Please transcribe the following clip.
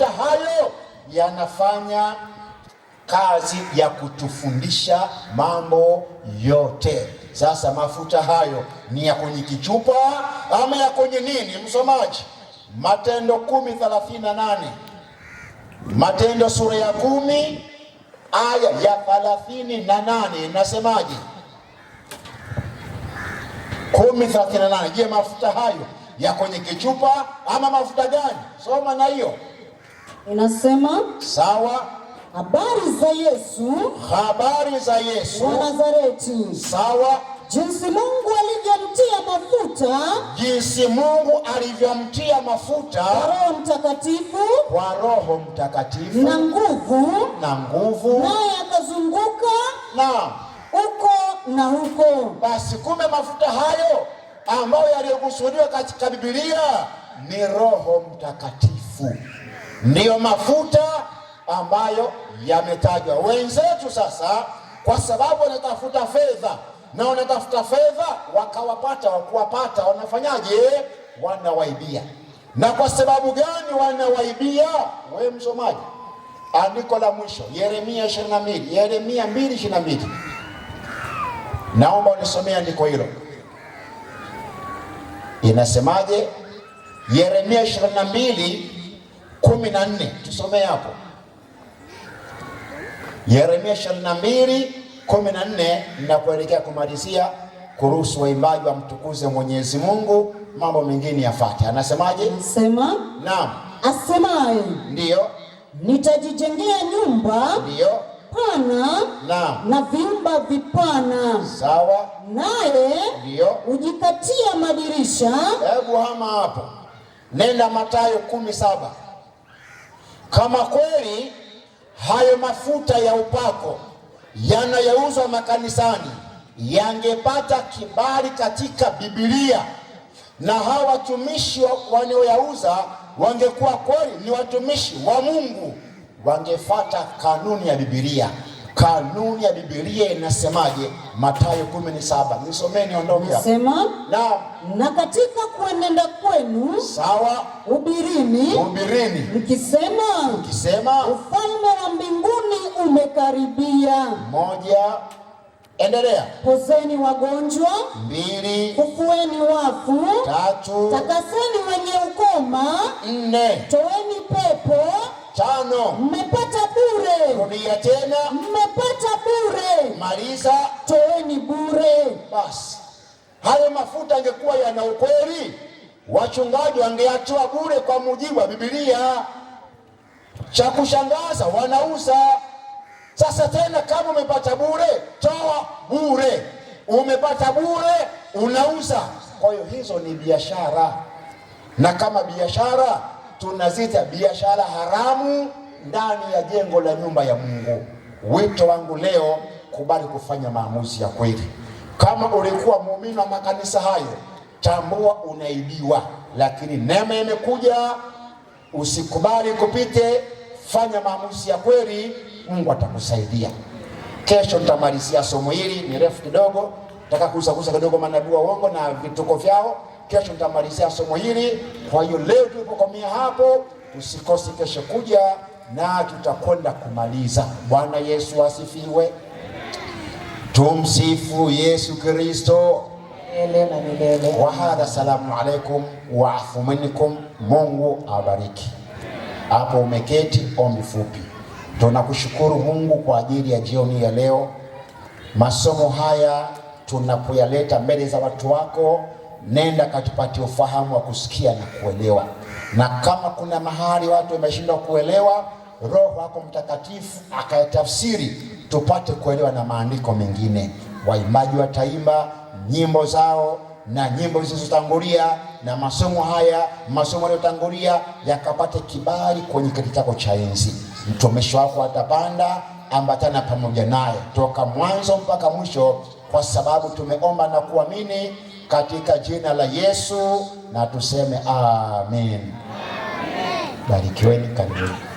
Hayo yanafanya kazi ya kutufundisha mambo yote. Sasa mafuta hayo ni ya kwenye kichupa ama ya kwenye nini, msomaji? Matendo 10:38, Matendo sura ya kumi aya ya 38 na nane inasemaje? Je, mafuta hayo ya kwenye kichupa ama mafuta gani? Soma na hiyo Inasema sawa. Habari za Yesu, habari za Yesu wa Nazareti. Sawa. Jinsi Mungu alivyomtia mafuta, jinsi Mungu alivyomtia mafuta kwa Roho Mtakatifu, kwa Roho Mtakatifu na nguvu, na nguvu, naye akazunguka na huko na huko. Basi kumbe mafuta hayo ambayo yaliyokusudiwa katika Biblia ni Roho Mtakatifu ndiyo mafuta ambayo yametajwa. Wenzetu sasa, kwa sababu wanatafuta fedha na wanatafuta fedha, wakawapata wakuwapata, wanafanyaje? Wanawaibia. Na kwa sababu gani wanawaibia? We msomaji, andiko la mwisho Yeremia 22, Yeremia 2:22, naomba unisomee andiko hilo inasemaje? Yeremia 22 kumi na nne tusomee hapo Yeremia ishirini na mbili kumi na nne na kuelekea kumalizia kuruhusu waimbaji wamtukuze Mwenyezi Mungu, mambo mengine yafate. Anasemaje? Sema. Naam, asemaye ndiyo, nitajijengea nyumba ndiyo pana na, na vyumba vipana sawa, naye ndiyo hujikatia madirisha. Hebu hama hapo, nenda Mathayo kumi saba kama kweli hayo mafuta ya upako yanayouzwa makanisani yangepata kibali katika Biblia na hawa watumishi wanaoyauza wangekuwa kweli ni watumishi wa Mungu, wangefuata kanuni ya Biblia. Kanuni ya Biblia inasemaje? Mathayo 17. Nisomeni ondoke hapo. Sema. Na na katika kuenenda kwenu sawa, ubirini, ubirini mkisema, mkisema ufalme wa mbinguni umekaribia. Moja, endelea. Pozeni wagonjwa. Mbili, kufueni wafu. Tatu, takaseni wenye ukoma. Nne, toeni pepo. Tano. Mmepata bure. Rudia tena. Mmepata bure. Maliza. Toeni bure. Basi hayo mafuta angekuwa yana ukweli, wachungaji wangeachiwa bure kwa mujibu wa Biblia. Cha kushangaza wanauza. Sasa tena kama umepata bure, toa bure. Umepata bure, unauza. Kwa hiyo hizo ni biashara, na kama biashara tunazita biashara haramu ndani ya jengo la nyumba ya Mungu. Wito wangu leo, kubali kufanya maamuzi ya kweli. Kama ulikuwa muumini wa makanisa hayo, tambua unaibiwa, lakini neema imekuja. Usikubali kupite, fanya maamuzi ya kweli, Mungu atakusaidia. Kesho nitamalizia somo hili, ni refu kidogo, nataka kugusagusa kidogo manabii wa uongo na vituko vyao. Kesho nitamalizia somo hili. Kwa hiyo leo tulipokomea hapo, tusikose kesho kuja na tutakwenda kumaliza. Bwana Yesu asifiwe. Tumsifu Yesu Kristo na milele. Wa hadha, salamu alaikum wa afu minkum. Mungu abariki Hapo umeketi, ombi fupi. Tunakushukuru Mungu kwa ajili ya jioni ya leo, masomo haya tunapoyaleta mbele za watu wako nenda katupatie ufahamu wa kusikia na kuelewa, na kama kuna mahali watu wameshindwa kuelewa, Roho wako Mtakatifu akayatafsiri tupate kuelewa na maandiko mengine. Waimbaji wataimba nyimbo zao na nyimbo zilizotangulia na masomo haya, masomo yaliyotangulia yakapate kibali kwenye kiti chako cha enzi. Mtumishi wako atapanda, ambatana pamoja naye toka mwanzo mpaka mwisho kwa sababu tumeomba na kuamini katika jina la Yesu, na tuseme amen. Barikiweni kanisa.